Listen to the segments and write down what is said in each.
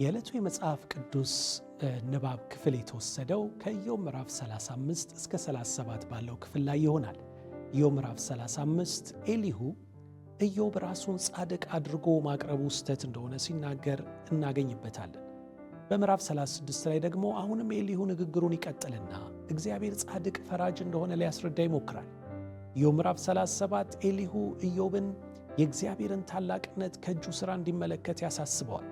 የዕለቱ የመጽሐፍ ቅዱስ ንባብ ክፍል የተወሰደው ከኢዮብ ምዕራፍ 35 እስከ 37 ባለው ክፍል ላይ ይሆናል። ኢዮብ ምዕራፍ 35 ኤሊሁ ኢዮብ ራሱን ጻድቅ አድርጎ ማቅረቡ ስህተት እንደሆነ ሲናገር እናገኝበታለን። በምዕራፍ 36 ላይ ደግሞ አሁንም ኤሊሁ ንግግሩን ይቀጥልና እግዚአብሔር ጻድቅ ፈራጅ እንደሆነ ሊያስረዳ ይሞክራል። ኢዮብ ምዕራፍ 37 ኤሊሁ ኢዮብን የእግዚአብሔርን ታላቅነት ከእጁ ሥራ እንዲመለከት ያሳስበዋል።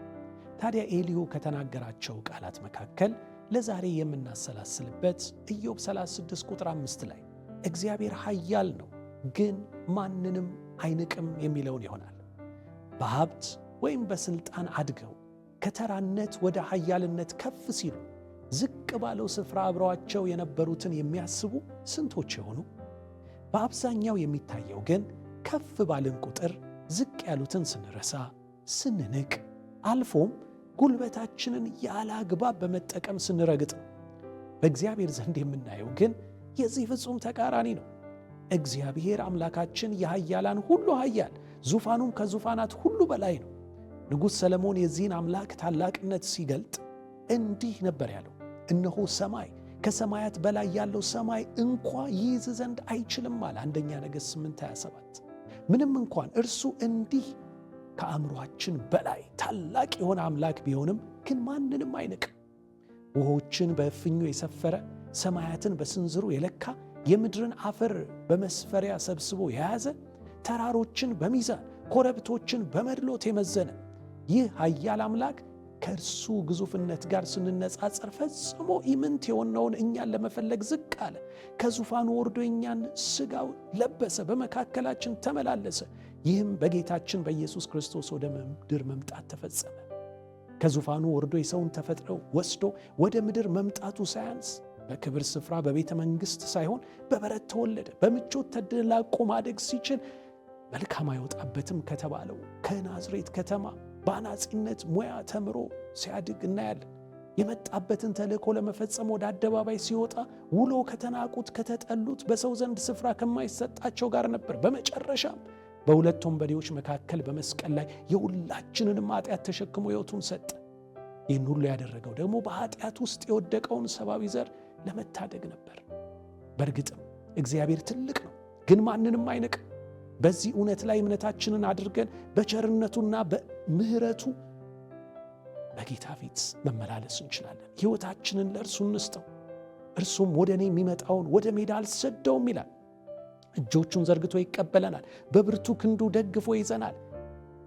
ታዲያ ኤልዮ ከተናገራቸው ቃላት መካከል ለዛሬ የምናሰላስልበት ኢዮብ 36 ቁጥር 5 ላይ እግዚአብሔር ኃያል ነው ግን ማንንም አይንቅም የሚለውን ይሆናል። በሀብት ወይም በስልጣን አድገው ከተራነት ወደ ኃያልነት ከፍ ሲሉ ዝቅ ባለው ስፍራ አብረዋቸው የነበሩትን የሚያስቡ ስንቶች የሆኑ። በአብዛኛው የሚታየው ግን ከፍ ባልን ቁጥር ዝቅ ያሉትን ስንረሳ፣ ስንንቅ አልፎም ጉልበታችንን ያለ አግባብ በመጠቀም ስንረግጥ ነው። በእግዚአብሔር ዘንድ የምናየው ግን የዚህ ፍጹም ተቃራኒ ነው። እግዚአብሔር አምላካችን የኃያላን ሁሉ ኃያል ዙፋኑም ከዙፋናት ሁሉ በላይ ነው። ንጉሥ ሰለሞን የዚህን አምላክ ታላቅነት ሲገልጥ እንዲህ ነበር ያለው፣ እነሆ ሰማይ ከሰማያት በላይ ያለው ሰማይ እንኳ ይይዝ ዘንድ አይችልም አለ። አንደኛ ነገሥት 8፥27 ምንም እንኳን እርሱ እንዲህ ከአእምሯችን በላይ ታላቅ የሆነ አምላክ ቢሆንም ግን ማንንም አይንቅ። ውሆችን በእፍኙ የሰፈረ ሰማያትን በስንዝሩ የለካ የምድርን አፈር በመስፈሪያ ሰብስቦ የያዘ ተራሮችን በሚዛን ኮረብቶችን በመድሎት የመዘነ ይህ ኃያል አምላክ ከእርሱ ግዙፍነት ጋር ስንነጻጸር ፈጽሞ ኢምንት የሆነውን እኛን ለመፈለግ ዝቅ አለ። ከዙፋኑ ወርዶ እኛን ስጋው ለበሰ፣ በመካከላችን ተመላለሰ። ይህም በጌታችን በኢየሱስ ክርስቶስ ወደ ምድር መምጣት ተፈጸመ። ከዙፋኑ ወርዶ የሰውን ተፈጥሮ ወስዶ ወደ ምድር መምጣቱ ሳያንስ በክብር ስፍራ በቤተ መንግሥት ሳይሆን በበረት ተወለደ። በምቾት ተደላቆ ማደግ ሲችል መልካም አይወጣበትም ከተባለው ከናዝሬት ከተማ በአናጺነት ሙያ ተምሮ ሲያድግ እናያለን። የመጣበትን ተልእኮ ለመፈጸም ወደ አደባባይ ሲወጣ ውሎ ከተናቁት ከተጠሉት፣ በሰው ዘንድ ስፍራ ከማይሰጣቸው ጋር ነበር። በመጨረሻም በሁለት ወንበዴዎች መካከል በመስቀል ላይ የሁላችንንም ኃጢአት ተሸክሞ ሕይወቱን ሰጠ። ይህን ሁሉ ያደረገው ደግሞ በኃጢአት ውስጥ የወደቀውን ሰብአዊ ዘር ለመታደግ ነበር። በእርግጥም እግዚአብሔር ትልቅ ነው፣ ግን ማንንም አይነቅ በዚህ እውነት ላይ እምነታችንን አድርገን በቸርነቱና በምሕረቱ በጌታ ፊት መመላለስ እንችላለን። ሕይወታችንን ለእርሱ እንስጠው። እርሱም ወደ እኔ የሚመጣውን ወደ ሜዳ አልሰደውም ይላል። እጆቹን ዘርግቶ ይቀበለናል። በብርቱ ክንዱ ደግፎ ይዘናል።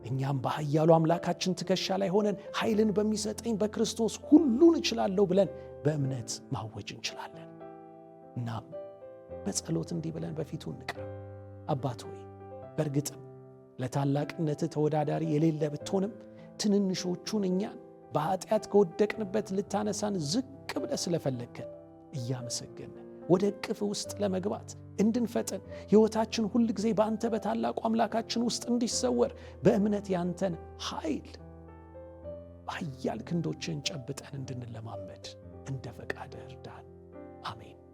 እኛም በኃያሉ አምላካችን ትከሻ ላይ ሆነን ኃይልን በሚሰጠኝ በክርስቶስ ሁሉን እችላለሁ ብለን በእምነት ማወጅ እንችላለን። እናም በጸሎት እንዲህ ብለን በፊቱ እንቅረብ። አባት ሆይ በእርግጥም ለታላቅነት ተወዳዳሪ የሌለ ብትሆንም ትንንሾቹን እኛን በኃጢአት ከወደቅንበት ልታነሳን ዝቅ ብለ ስለፈለግከን እያመሰገንን ወደ እቅፍ ውስጥ ለመግባት እንድንፈጥን ሕይወታችን ሁል ጊዜ በአንተ በታላቁ አምላካችን ውስጥ እንዲሰወር በእምነት ያንተን ኃይል ኃያል ክንዶችን ጨብጠን እንድንለማመድ እንደ ፈቃደ እርዳን። አሜን።